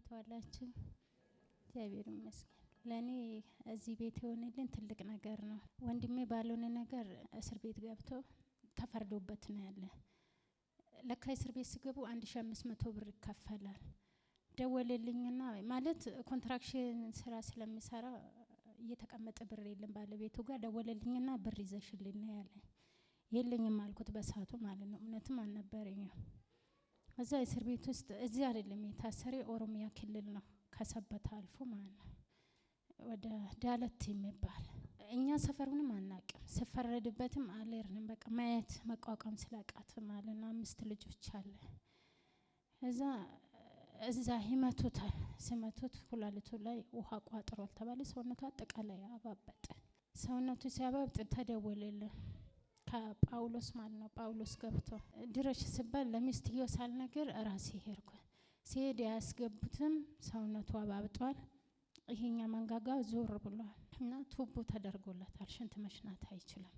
እንዴት ዋላችሁ? እግዚአብሔር ይመስገን። ለእኔ እዚህ ቤት የሆነልን ትልቅ ነገር ነው። ወንድሜ ባልሆነ ነገር እስር ቤት ገብቶ ተፈርዶበት ነው ያለ። ለካ እስር ቤት ሲገቡ አንድ ሺ አምስት መቶ ብር ይከፈላል። ደወለልኝና ማለት ኮንትራክሽን ስራ ስለሚሰራ እየተቀመጠ ብር የለም ባለቤቱ ጋር ደወለልኝና ብር ይዘሽልኝ ያለኝ የለኝም አልኩት በሳቱ ማለት ነው። እውነትም አልነበረኝም እዛ እስር ቤት ውስጥ እዚህ አይደለም የታሰሪ ኦሮሚያ ክልል ነው፣ ከሰበታ አልፎ ማለት ነው ወደ ዳለት የሚባል እኛ ሰፈሩንም አናቅም፣ ስፈረድበትም አልሄድንም። በቃ ማየት መቋቋም ስላቃት ማለት ነው። አምስት ልጆች አለ እዛ እዛ ይመቱታል። ሲመቱት ኩላሊቱ ላይ ውሃ ቋጥሯል ተባለ። ሰውነቱ አጠቃላይ አባበጠ። ሰውነቱ ሲያባብጥ ተደወለልን ከጳውሎስ ማለት ነው። ጳውሎስ ገብቶ ድረሽ ስባል ለሚስትዮ ሳልነግር ራሴ ሄድኩ። ሲሄድ ያስገቡትም ሰውነቱ አባብጧል። ይሄኛ መንጋጋ ዞር ብሏል እና ቱቦ ተደርጎለታል። ሽንት መሽናት አይችልም።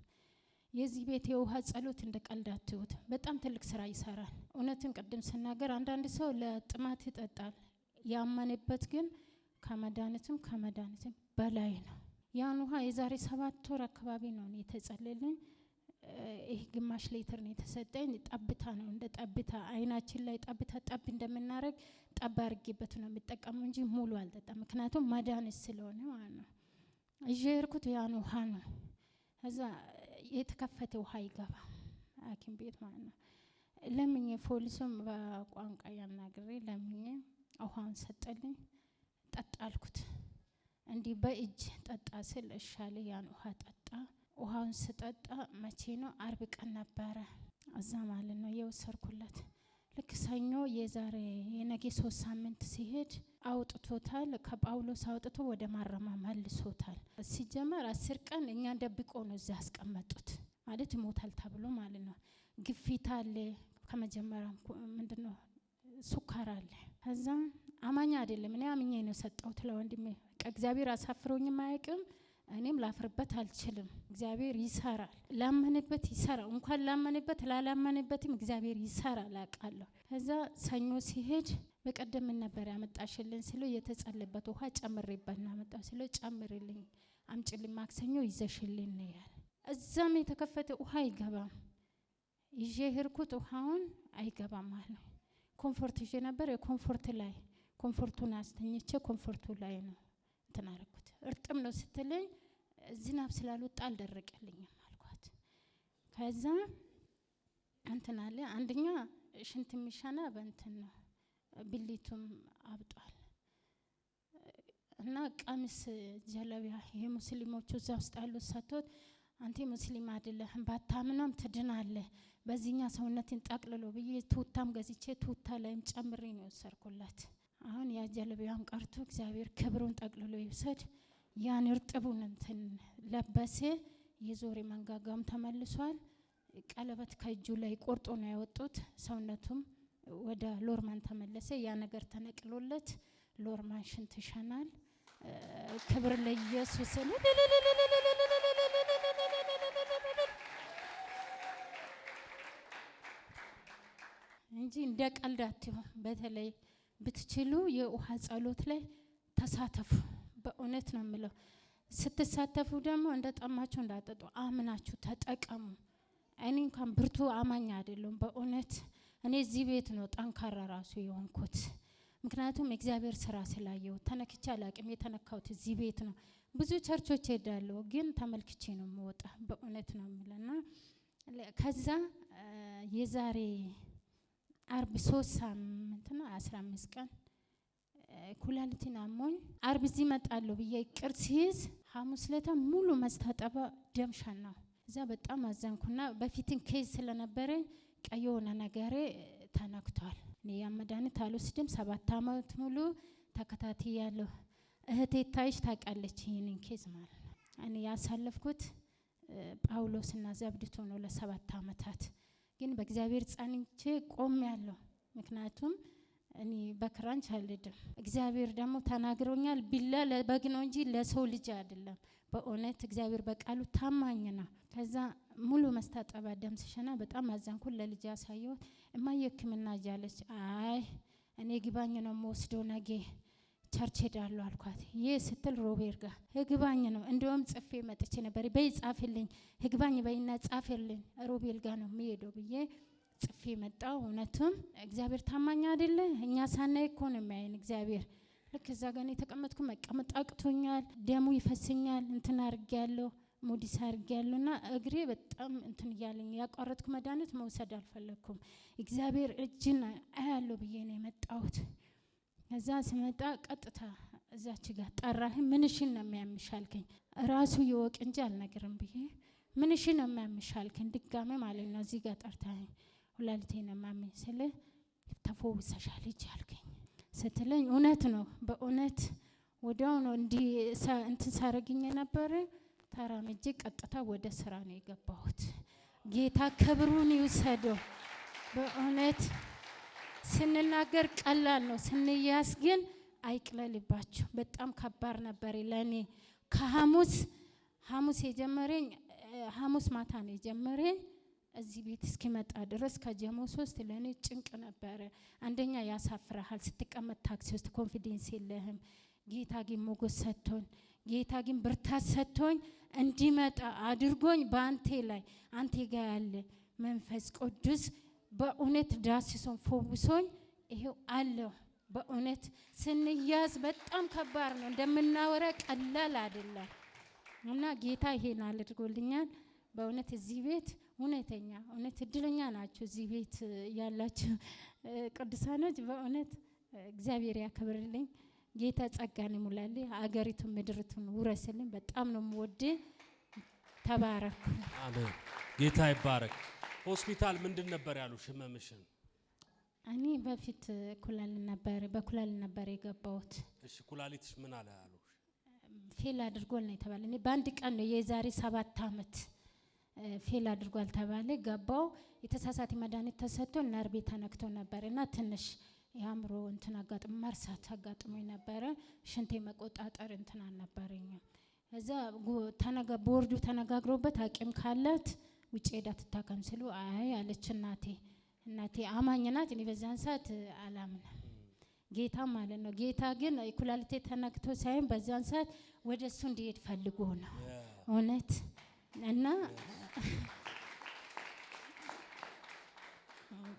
የዚህ ቤት የውሃ ጸሎት እንደ ቀልድ አትዩት። በጣም ትልቅ ስራ ይሰራል። እውነትን ቅድም ስናገር አንዳንድ ሰው ለጥማት ይጠጣል። ያመነበት ግን ከመድኃኒትም ከመድኃኒትም በላይ ነው። ያን ውሃ የዛሬ ሰባት ወር አካባቢ ነው የተጸለልኝ ይህ ግማሽ ሌትር ነው የተሰጠኝ። ጠብታ ነው እንደ ጠብታ አይናችን ላይ ጠብታ ጠብ እንደምናደርግ ጠብ አድርጌበት ነው የምጠቀመው እንጂ ሙሉ አልጠጣም። ምክንያቱም ማዳንስ ስለሆነ ማለት ነው። ይዤ ያን ውሃ ነው። እዛ የተከፈተ ውሃ ይገባ ሐኪም ቤት ማለት ነው። ለምኜ ፖሊሱም በቋንቋ ያናግሬ ለምኜ ውሃውን ሰጠልኝ። ጠጣ አልኩት እንዲህ በእጅ ጠጣ ስል እሻለ ያን ውሃ ጠጣ። ውሃውን ስጠጣ መቼ ነው? አርብ ቀን ነበረ እዛ ማለት ነው የወሰድኩለት። ልክ ሰኞ የዛሬ የነገ ሶስት ሳምንት ሲሄድ አውጥቶታል። ከጳውሎስ አውጥቶ ወደ ማረማ መልሶታል። ሲጀመር አስር ቀን እኛን ደብቆ ነው እዚያ ያስቀመጡት ማለት ይሞታል ተብሎ ማለት ነው። ግፊት አለ ከመጀመሪያ ምንድን ነው ሱካር አለ። ከዛ አማኝ አይደለም እኔ አምኜ ነው የሰጠሁት ለወንድሜ። ከእግዚአብሔር አሳፍሮኝም አያውቅም። እኔም ላፍርበት አልችልም። እግዚአብሔር ይሰራል። ላመንበት ይሰራል። እንኳን ላመንበት ላላመንበትም እግዚአብሔር ይሰራል አውቃለሁ። ከዛ ሰኞ ሲሄድ በቀደምን ነበር ያመጣሽልን ስለ የተጸለበት ውሃ ጨምሬበት ነው ያመጣው ስለው ጨምርልኝ አምጭልኝ ማክሰኞ ይዘሽልኝ ነው እዛም የተከፈተ ውሃ አይገባም። ይዤ ህርኩት ውሃውን አይገባም አለ። ኮንፎርት ይዤ ነበር። የኮንፎርት ላይ ኮንፎርቱን አስተኝቼ ኮንፎርቱ ላይ ነው እንትን አልኩት። እርጥም ነው ስትለኝ ዝናብ ስላልወጣ አልደረቀልኝም አልኳት። ከዛ እንትን አለ አንደኛ ሽንት የሚሻና በእንትን ነው፣ ብሊቱም አብጧል እና ቀሚስ ጀለቢያ ይሄ ሙስሊሞቹ እዛ ውስጥ ያሉት ሰቶት አንተ ሙስሊም አይደለህም ባታምናም ትድናለህ፣ በዚህኛ ሰውነትን ጠቅልሎ ብዬ ትውታም ገዝቼ ትውታ ላይም ጨምሬ ነው የወሰድኩላት። አሁን ያ ጀለቢያም ቀርቶ እግዚአብሔር ክብሩን ጠቅልሎ ይውሰድ። ያን እርጥቡን እንትን ለበሰ። የዞሬ መንጋጋም ተመልሷል። ቀለበት ከእጁ ላይ ቆርጦ ነው ያወጡት። ሰውነቱም ወደ ሎርማን ተመለሰ። ያ ነገር ተነቅሎለት ሎርማን ሽንት ሸናል። ክብር ለኢየሱስ። እንጂ እንደ ቀልዳት ይሁን። በተለይ ብትችሉ የውሃ ጸሎት ላይ ተሳተፉ። እውነት ነው የምለው። ስትሳተፉ ደግሞ እንደ ጠማችሁ እንዳጠጡ አምናችሁ ተጠቀሙ። እኔ እንኳን ብርቱ አማኝ አይደለሁም በእውነት እኔ እዚህ ቤት ነው ጠንካራ ራሱ የሆንኩት። ምክንያቱም የእግዚአብሔር ስራ ስላየው ተነክቼ አላቅም። የተነካሁት እዚህ ቤት ነው። ብዙ ቸርቾች ሄዳለሁ፣ ግን ተመልክቼ ነው የምወጣ። በእውነት ነው የምለና ከዛ የዛሬ አርብ ሶስት ሳምንት ነው አስራ አምስት ቀን ኩላሊቴን አሞኝ አርብ እዚህ እመጣለሁ ብዬ ቅር ሲይዝ ሐሙስ ለታ ሙሉ መስታጠባ ደምሻ ነው። እዛ በጣም አዘንኩና በፊትን ኬዝ ስለነበረ ቀይ የሆነ ነገሬ ተነክቷል። እኔ ያ መድኃኒት አልወስድም። ሰባት ዓመት ሙሉ ተከታትያለሁ። እህቴ ታይሽ ታውቃለች ይህንን ኬዝ ማለት ነው። እኔ ያሳለፍኩት ጳውሎስና ዘብድቶ ነው ለሰባት ዓመታት ግን በእግዚአብሔር ጸንቼ ቆም ቆሜያለሁ። ምክንያቱም እኔ በክራንች አልሄድም። እግዚአብሔር ደግሞ ተናግሮኛል። ቢላ ለበግ ነው እንጂ ለሰው ልጅ አይደለም። በእውነት እግዚአብሔር በቃሉ ታማኝ ነው። ከዛ ሙሉ መስታጠባ ደምስሸና በጣም አዘንኩን። ለልጅ ያሳየሁት እማዬ ሕክምና እያለች አይ እኔ ግባኝ ነው መወስደው ነገ ቸርች ሄዳለሁ አልኳት። ይህ ስትል ሮቤር ጋ ህግባኝ ነው እንደውም ጽፌ መጥቼ ነበር። በይ ጻፍልኝ፣ ህግባኝ በይና ጻፍልኝ፣ ሮቤል ጋ ነው የሚሄደው ብዬ ጽፍ የመጣው እውነቱም እግዚአብሔር ታማኝ አይደለ? እኛ ሳናይ እኮ ነው የሚያይን እግዚአብሔር። ልክ እዛ ጋር የተቀመጥኩ መቀመጥ አቅቶኛል፣ ደሙ ይፈስኛል፣ እንትን አርጌ ያለው ሙዲስ አርጌ ያለው እና እግሬ በጣም እንትን እያለኝ ያቋረጥኩ መድኃኒት መውሰድ አልፈለግኩም። እግዚአብሔር እጅን አያለሁ ብዬ ነው የመጣሁት። እዛ ስመጣ ቀጥታ እዛች ጋር ጠራህ። ምንሽን ነው የሚያምሽ አልከኝ። ራሱ ይወቅ እንጂ አልነገርም ብዬ ምንሽን ነው የሚያምሽ አልከኝ። ድጋሜ ማለት ነው እዚህ ጋር ጠርታኝ ነው ማሜ ስል ተፈውሰሻል ልጅ አልከኝ ስትለኝ እውነት ነው። በእውነት ወዲያው ነው እንዲ እንትን ሳረግኝ ነበር። ተራምጄ ቀጥታ ወደ ስራ ነው የገባሁት። ጌታ ክብሩን ይውሰደው። በእውነት ስንናገር ቀላል ነው፣ ስንያስ ግን አይቅለልባችሁ። በጣም ከባድ ነበር ለእኔ። ከሐሙስ ሐሙስ የጀመረኝ ሐሙስ ማታ ነው የጀመረኝ እዚህ ቤት እስኪመጣ ድረስ ከጀሞ ሶስት ለእኔ ጭንቅ ነበረ። አንደኛ ያሳፍረሃል፣ ስትቀመጥ ታክሲ ውስጥ ኮንፊደንስ የለህም። ጌታ ግን ሞገስ ሰጥቶኝ፣ ጌታ ግን ብርታት ሰጥቶኝ እንዲመጣ አድርጎኝ በአንቴ ላይ አንቴ ጋ ያለ መንፈስ ቅዱስ በእውነት ዳስሶን ፎውሶኝ ይሄው አለሁ። በእውነት ስንያዝ በጣም ከባድ ነው፣ እንደምናወራ ቀላል አይደለም። እና ጌታ ይሄን አድርጎልኛል በእውነት እዚህ ቤት እውነተኛ እውነት እድለኛ ናችሁ እዚህ ቤት ያላችሁ ቅዱሳኖች። በእውነት እግዚአብሔር ያከብርልኝ። ጌታ ጸጋን ይሙላልኝ። አገሪቱን ምድርቱን ውረስልኝ። በጣም ነው የምወድ። ተባረኩ። አሜን። ጌታ ይባረክ። ሆስፒታል ምንድን ነበር ያሉ ሽመምሽን? እኔ በፊት ኩላሊት ነበር በኩላሊት ነበር የገባሁት። እሺ ኩላሊትሽ ምን አለ ያሉ? ፌል አድርጎል ነው የተባለ። እኔ በአንድ ቀን ነው የዛሬ ሰባት አመት ፌል አድርጓል ተባለ። ገባው የተሳሳተ መድኃኒት ተሰጥቶ ነርቤ ተነክቶ ነበር እና ትንሽ የአእምሮ እንትን አጋጥሞ መርሳት አጋጥሞ ነበረ። ሽንቴ መቆጣጠር እንትን አልነበረኝም። እዛ ተነጋ ቦርዱ ተነጋግሮበት አቂም ካላት ውጭ ሄዳ ትታከም ስሉ አይ አለች እናቴ። እናቴ አማኝ ናት። እኔ በዛን ሰዓት አላምንም ጌታ ማለት ነው። ጌታ ግን ኩላሊቴ ተነክቶ ሳይሆን በዛን ሰዓት ወደ እሱ እንዲሄድ ፈልጎ ነው እውነት እና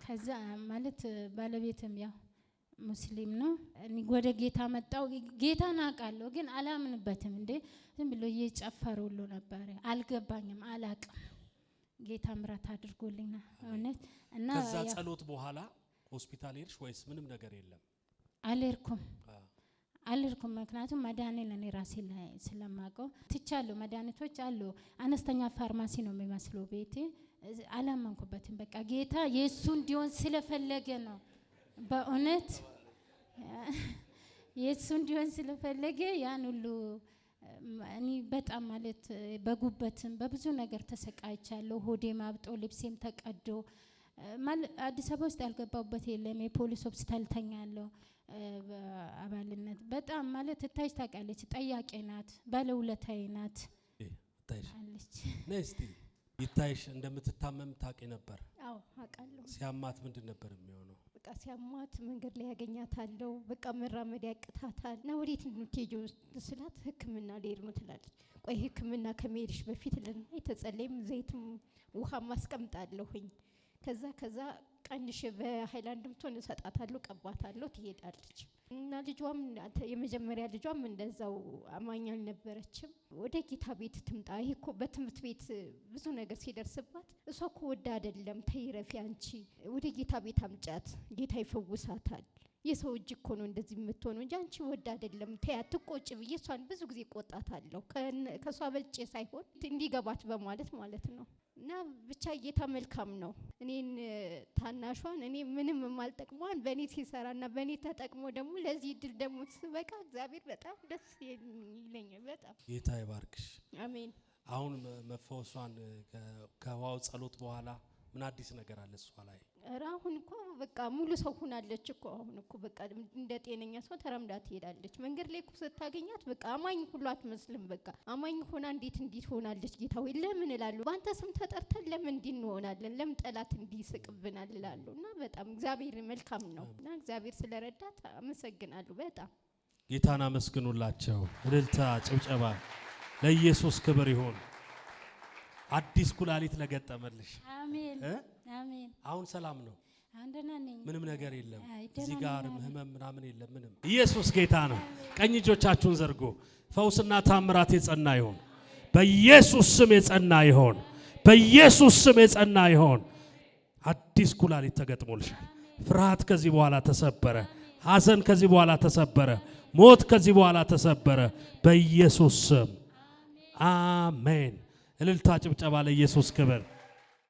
ከዛ ማለት ባለቤትም ያው ሙስሊም ነው። ወደ ጌታ መጣው። ጌታን አውቃለሁ ግን አላምንበትም። እንዴ ዝም ብሎ እየጨፈረ ሁሉ ነበረ። አልገባኝም፣ አላቅም። ጌታ ምረት አድርጎልኝ እውነት እና ከዛ ጸሎት በኋላ ሆስፒታል ሄድሽ ወይስ ምንም ነገር የለም? አልሄድኩም አልልኩም። ምክንያቱም መድኃኒት ለእኔ ራሴ ስለማውቀው ትቻለሁ። መድኃኒቶች አሉ። አነስተኛ ፋርማሲ ነው የሚመስለው ቤቴ። አላመንኩበትም። በቃ ጌታ የእሱ እንዲሆን ስለፈለገ ነው። በእውነት የእሱ እንዲሆን ስለፈለገ ያን ሁሉ እኔ በጣም ማለት በጉበትም በብዙ ነገር ተሰቃይቻለሁ። ሆዴም አብጦ ልብሴም ተቀዶ አዲስ አበባ ውስጥ ያልገባሁበት የለም። የፖሊስ ሆስፒታል ተኛለሁ። አባልነት በጣም ማለት እታች ታውቃለች። ጠያቄ ናት፣ ባለውለታዬ ናት አለች። እስቲ ይታይሽ እንደምትታመም ታውቂ ነበር? አዎ አውቃለሁ። ሲያማት ምንድን ነበር የሚሆነው? በቃ ሲያማት መንገድ ላይ ያገኛታለሁ። በቃ መራመድ ያቅታታል ና ወዴት የምትሄጂው ስላት ሕክምና ልሄድ ነው ትላለች። ቆይ ሕክምና ከመሄድሽ በፊት ልና የተጸለይም ዘይትም ውሃም አስቀምጣለሁኝ ከዛ ከዛ ቀንሽ በሀይላንድም ትሆን እሰጣታለሁ፣ ቀባታለሁ፣ ትሄዳለች እና ልጇም የመጀመሪያ ልጇም እንደዛው አማኝ አልነበረችም። ወደ ጌታ ቤት ትምጣ፣ ይሄ እኮ በትምህርት ቤት ብዙ ነገር ሲደርስባት እሷ እኮ ወደ አይደለም ተይረፊ፣ አንቺ ወደ ጌታ ቤት አምጫት፣ ጌታ ይፈውሳታል። የሰው እጅ እኮ ነው እንደዚህ የምትሆነው እንጂ አንቺ ወድ አይደለም ተያ ትቆጭ ብዬ እሷን ብዙ ጊዜ ቆጣታለሁ። ከእሷ በልጬ ሳይሆን እንዲገባት በማለት ማለት ነው። እና ብቻ እይታ መልካም ነው። እኔን ታናሿን እኔ ምንም የማልጠቅመዋን በእኔ ሲሰራና በእኔ ተጠቅሞ ደግሞ ለዚህ እድል ደግሞ ስበቃ እግዚአብሔር በጣም ደስ ይለኛል። በጣም ጌታ ይባርክሽ። አሜን። አሁን መፈወሷን ከዋው ጸሎት በኋላ ምን አዲስ ነገር አለ እሷ ላይ? ኧረ አሁን እኮ በቃ ሙሉ ሰው ሆናለች እኮ አሁን እኮ በቃ እንደ ጤነኛ ሰው ተረምዳ ትሄዳለች። መንገድ ላይ እኮ ስታገኛት በቃ አማኝ ሁሉ አትመስልም። በቃ አማኝ ሆና እንዴት እንዲት ሆናለች? ጌታ ወይ ለምን እላሉ። በአንተ ስም ተጠርተን ለምን እንዲህ እንሆናለን? ለምን ጠላት እንዲስቅብናል እላለሁ። እና በጣም እግዚአብሔር መልካም ነው እና እግዚአብሔር ስለረዳት አመሰግናለሁ። በጣም ጌታን አመስግኑላቸው። እልልታ ጭብጨባ ለኢየሱስ ክብር ይሁን። አዲስ ኩላሊት ለገጠመልሽ። አሜን አሜን። አሁን ሰላም ነው። ምንም ነገር የለም። እዚህ ጋር ህመም ምናምን የለም። ምንም ኢየሱስ ጌታ ነው። ቀኝ እጆቻችሁን ዘርጎ ፈውስና ታምራት የጸና ይሆን በኢየሱስ ስም የጸና ይሆን በኢየሱስ ስም የጸና ይሆን። አዲስ ኩላሊት ተገጥሞልሻል። ፍርሃት ከዚህ በኋላ ተሰበረ። ሐዘን ከዚህ በኋላ ተሰበረ። ሞት ከዚህ በኋላ ተሰበረ በኢየሱስ ስም አሜን። እልልታ ጭብጨባ ለኢየሱስ ክብር